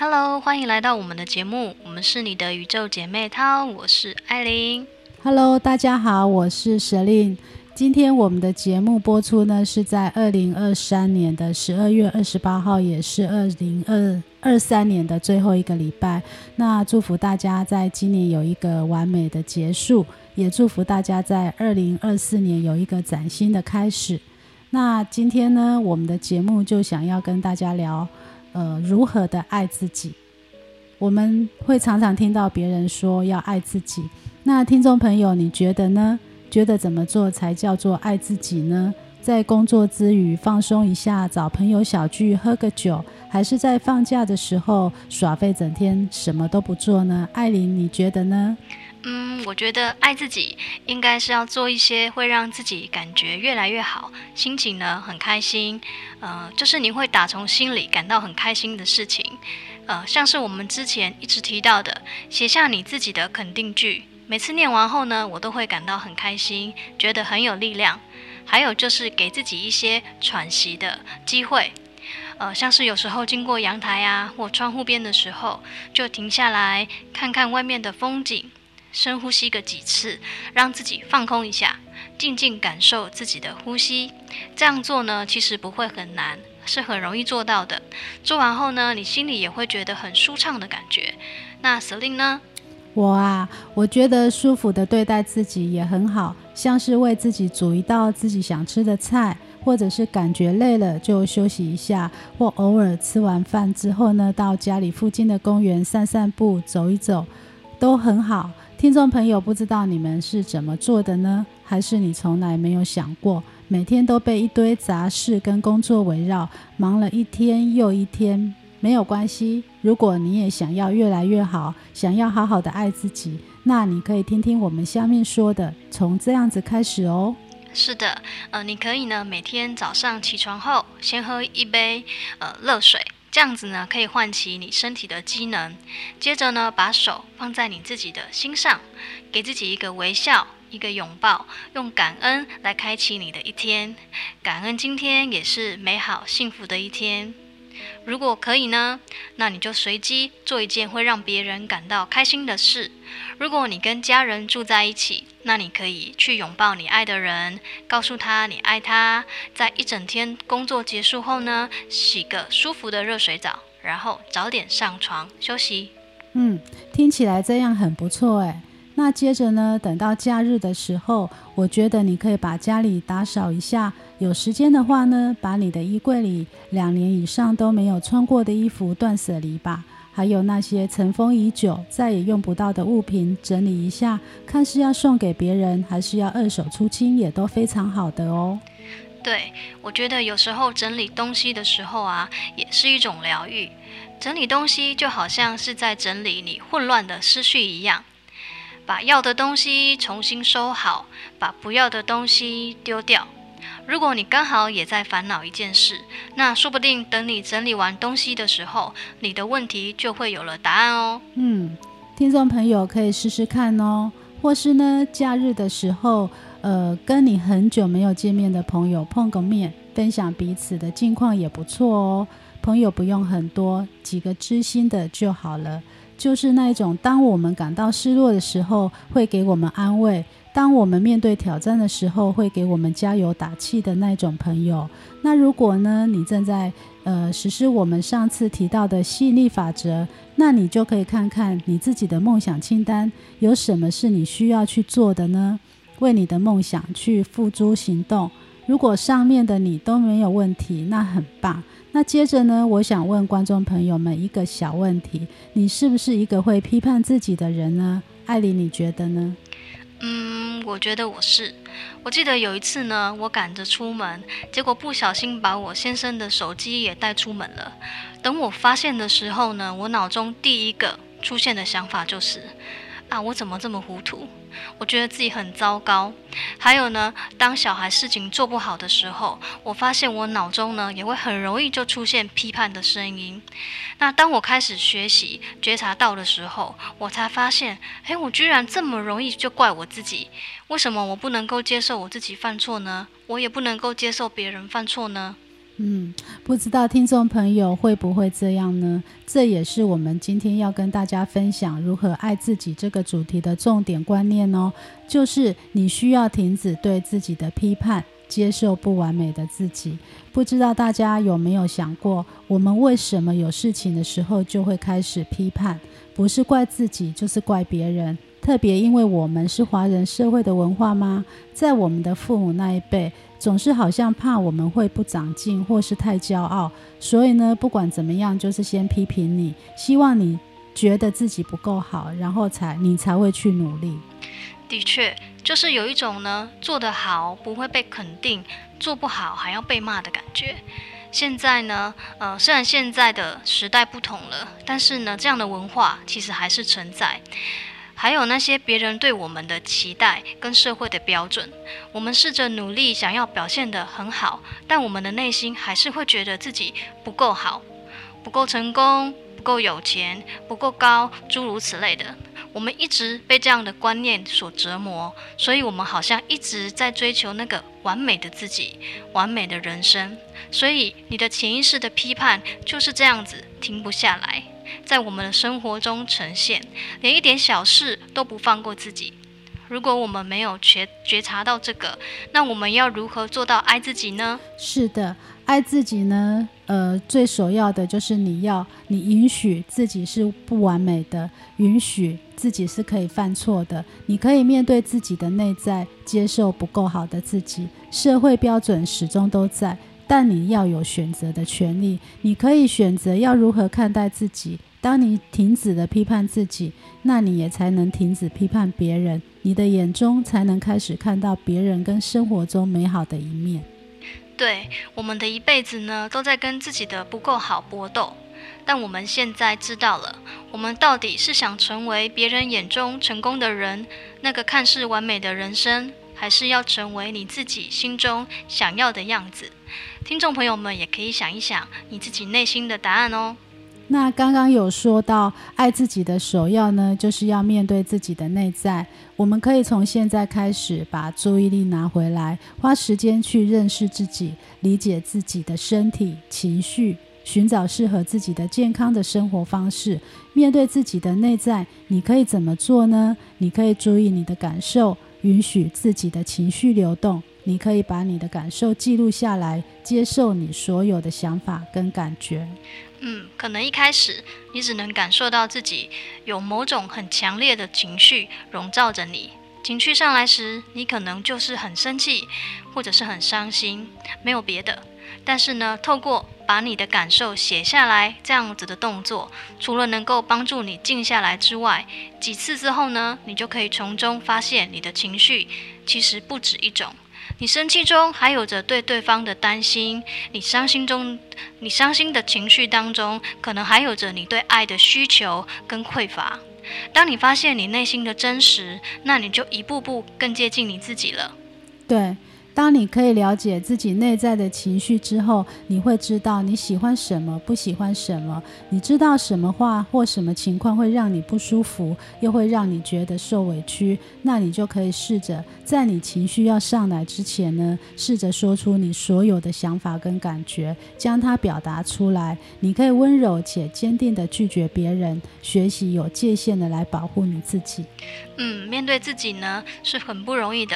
Hello，歡迎來到我們的節目，我們是你的宇宙姐妹淘，我是艾琳。Hello，大家好，我是 Selin。今天我們的節目播出呢，是在二零二三年的十二月二十八號，也是二零二三年的最後一個禮拜。那祝福大家在今年有一個完美的結束，也祝福大家在二零二四年有一個嶄新的開始。那今天呢，我們的節目就想要跟大家聊。呃，如何的愛自己？我們會常常聽到別人說要愛自己。那聽眾朋友，你覺得呢？覺得怎麼做才叫做愛自己呢？在工作之餘放鬆一下，找朋友小聚喝個酒，還是在放假的時候耍廢，整天什麼都不做呢？艾琳，你覺得呢？嗯，我覺得愛自己應該是要做一些會讓自己感覺越來越好，心情呢很開心，呃，就是你會打從心裡感到很開心的事情，呃，像是我們之前一直提到的，寫下你自己的肯定句，每次念完後呢，我都會感到很開心，覺得很有力量。還有就是給自己一些喘息的機會，呃，像是有時候經過陽台啊或窗戶邊的時候，就停下來看看外面的風景。深呼吸個幾次，讓自己放空一下，靜靜感受自己的呼吸。這樣做呢，其實不會很難，是很容易做到的。做完後呢，你心裡也會覺得很舒暢的感覺。那 Selina 呢？我啊，我覺得舒服的對待自己也很好，像是為自己煮一道自己想吃的菜，或者是感覺累了就休息一下，或偶爾吃完飯之後呢，到家裡附近的公園散散步、走一走，都很好。聽眾朋友，不知道你們是怎麼做的呢？還是你從來沒有想過，每天都被一堆雜事跟工作圍繞，忙了一天又一天？沒有關係，如果你也想要越來越好，想要好好的愛自己，那你可以聽聽我們下面說的，從這樣子開始哦。是的，呃，你可以呢，每天早上起床後，先喝一杯，呃，熱水。這樣子呢，可以喚起你身體的機能。接着呢，把手放在你自己的心上，給自己一個微笑，一個擁抱，用感恩來開啟你的一天。感恩今天也是美好幸福的一天。如果可以呢，那你就隨機做一件會讓別人感到開心的事。如果你跟家人住在一起，那你可以去擁抱你愛的人，告訴他你愛他。在一整天工作結束後呢，洗個舒服的熱水澡，然後早點上床休息。嗯，聽起來這樣很不錯哎、欸。那接着呢，等到假日的時候，我覺得你可以把家裡打掃一下。有時間的話呢，把你的衣櫃裡兩年以上都沒有穿過的衣服斷捨離吧。還有那些塵封已久、再也用不到的物品，整理一下，看是要送給別人，還是要二手出清，也都非常好的哦。對，我覺得有時候整理東西的時候啊，也是一種療癒。整理東西就好像是在整理你混亂的思緒一樣。把要的東西重新收好，把不要的東西丟掉。如果你剛好也在煩惱一件事，那說不定等你整理完東西的時候，你的問題就會有了答案哦。嗯，聽眾朋友可以試試看哦。或是呢，假日的時候，呃，跟你很久沒有見面的朋友碰個面，分享彼此的近況也不錯哦。朋友不用很多，幾個知心的就好了。就是那一種，當我們感到失落的時候，會給我們安慰；當我們面對挑戰的時候，會給我們加油打氣的那一種朋友。那如果呢，你正在呃實施我們上次提到的吸引力法則，那你就可以看看你自己的夢想清單，有什麼是你需要去做的呢？為你的夢想去付諸行動。如果上面的你都沒有問題，那很棒。那接着呢，我想問觀眾朋友們一個小問題：你是不是一個會批判自己的人呢？艾琳，你覺得呢？嗯，我覺得我是。我記得有一次呢，我趕着出門，結果不小心把我先生的手機也帶出門了。等我發現的時候呢，我腦中第一個出現的想法就是。啊，我怎麼這麼糊塗？我覺得自己很糟糕。還有呢，當小孩事情做不好的時候，我發現我腦中呢也會很容易就出現批判的聲音。那當我開始學習覺察到的時候，我才發現，哎，我居然這麼容易就怪我自己。為什麼我不能夠接受我自己犯錯呢？我也不能夠接受別人犯錯呢？嗯，不知道聽眾朋友會不會這樣呢？這也是我們今天要跟大家分享如何愛自己這個主題的重點觀念哦，就是你需要停止對自己的批判，接受不完美的自己。不知道大家有沒有想過，我們為什麼有事情的時候就會開始批判？不是怪自己，就是怪別人。特別因為我們是華人社會的文化嗎？在我們的父母那一輩。總是好像怕我們會不長進，或是太驕傲，所以呢，不管怎麼樣，就是先批評你，希望你覺得自己不夠好，然後才你才會去努力。的確，就是有一種呢，做得好不會被肯定，做不好還要被罵的感覺。現在呢，呃，雖然現在的時代不同了，但是呢，這樣的文化其實還是存在。還有那些別人對我們的期待跟社會的標準，我們試着努力想要表現得很好，但我們的內心還是會覺得自己不夠好，不夠成功，不夠有錢，不夠高，諸如此類的。我們一直被這樣的觀念所折磨，所以我們好像一直在追求那個完美的自己，完美的人生。所以你的潛意識的批判就是這樣子，停不下來。在我們的生活中呈現，連一點小事都不放過自己。如果我們沒有覺覺察到這個，那我們要如何做到愛自己呢？是的，愛自己呢，呃，最首要的就是你要，你允許自己是不完美的，允許自己是可以犯錯的，你可以面對自己的內在，接受不夠好的自己，社會標準始終都在。但你要有選擇的權利，你可以選擇要如何看待自己。當你停止了批判自己，那你也才能停止批判別人。你的眼中才能開始看到別人跟生活中美好的一面。對，我們的一輩子呢，都在跟自己的不夠好搏鬥。但我們現在知道了，我們到底是想成為別人眼中成功的人，那個看似完美的人生，還是要成為你自己心中想要的樣子？聽眾朋友們也可以想一想你自己內心的答案哦。那剛剛有說到，愛自己的首要呢，就是要面對自己的內在。我們可以從現在開始，把注意力拿回來，花時間去認識自己，理解自己的身體、情緒，尋找適合自己的健康的生活方式。面對自己的內在，你可以怎麼做呢？你可以注意你的感受，允許自己的情緒流動。你可以把你的感受記錄下來，接受你所有的想法跟感覺。嗯，可能一開始你只能感受到自己有某種很強烈的情緒籠罩着你。情緒上來時，你可能就是很生氣，或者是很傷心，沒有別的。但是呢，透過把你的感受寫下來這樣子的動作，除了能夠幫助你靜下來之外，幾次之後呢，你就可以從中發現你的情緒其實不止一種。你生氣中還有着對對方的擔心，你傷心中，你傷心的情緒當中，可能還有着你對愛的需求跟匱乏。當你發現你內心的真實，那你就一步步更接近你自己了。對。當你可以了解自己內在的情緒之後，你會知道你喜歡什麼，不喜歡什麼。你知道什麼話或什麼情況會讓你不舒服，又會讓你覺得受委屈，那你就可以試着在你情緒要上來之前呢，試着說出你所有的想法跟感覺，將它表達出來。你可以溫柔且堅定地拒絕別人，學習有界限地來保護你自己。嗯，面對自己呢是很不容易的，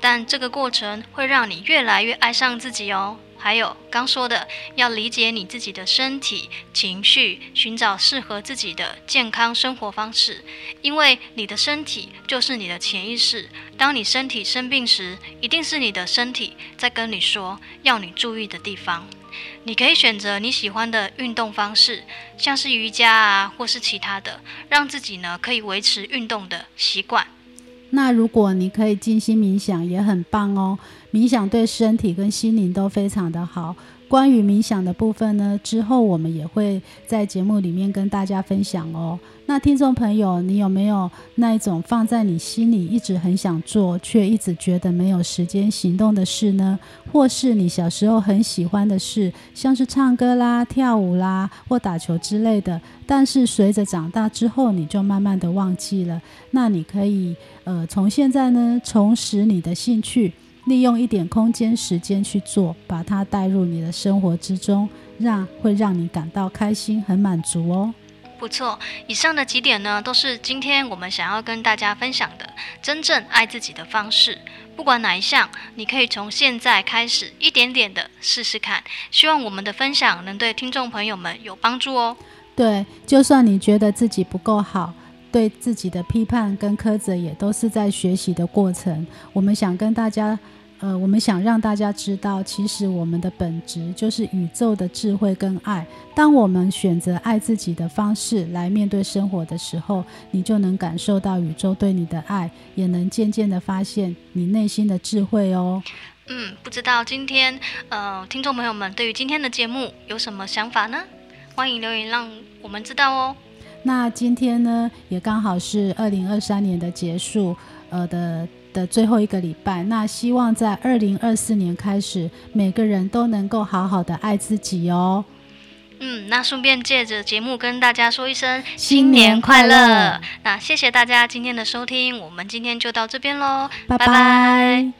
但這個過程。會讓你越來越愛上自己哦。還有剛說的，要理解你自己的身體情緒，尋找適合自己的健康生活方式。因為你的身體就是你的潛意識。當你身體生病時，一定是你的身體在跟你說要你注意的地方。你可以選擇你喜歡的運動方式，像是瑜伽啊，或是其他的，讓自己呢可以維持運動的習慣。那如果你可以靜心冥想，也很棒哦。冥想對身體跟心靈都非常的好。關於冥想的部分呢，之後我們也會在節目裡面跟大家分享哦。那聽眾朋友，你有沒有那一種放在你心裡一直很想做，卻一直覺得沒有時間行動的事呢？或是你小時候很喜歡的事，像是唱歌啦、跳舞啦，或打球之類的，但是隨着長大之後，你就慢慢的忘記了。那你可以呃，從現在呢，重拾你的興趣。利用一點空間、時間去做，把它帶入你的生活之中，讓會讓你感到開心、很滿足哦。不錯，以上的幾點呢，都是今天我們想要跟大家分享的真正愛自己的方式。不管哪一項，你可以從現在開始一點點的試試看，希望我們的分享能對聽眾朋友們有幫助哦。對，就算你覺得自己不夠好，對自己的批判跟苛責也都是在學習的過程。我們想跟大家，呃，我們想讓大家知道，其實我們的本質就是宇宙的智慧跟愛。當我們選擇愛自己的方式來面對生活的時候，你就能感受到宇宙對你的愛，也能漸漸的發現你內心的智慧哦。嗯，不知道今天，呃，聽眾朋友們對於今天的節目有什麼想法呢？歡迎留言讓我們知道哦。那今天呢，也剛好是二零二三年的結束，呃的的最後一個禮拜。那希望在二零二四年開始，每個人都能夠好好的愛自己哦。嗯，那順便借着節目跟大家說一聲新年快樂。新年快樂。那謝謝大家今天的收聽，我們今天就到這邊嘍，拜拜 bye。Bye bye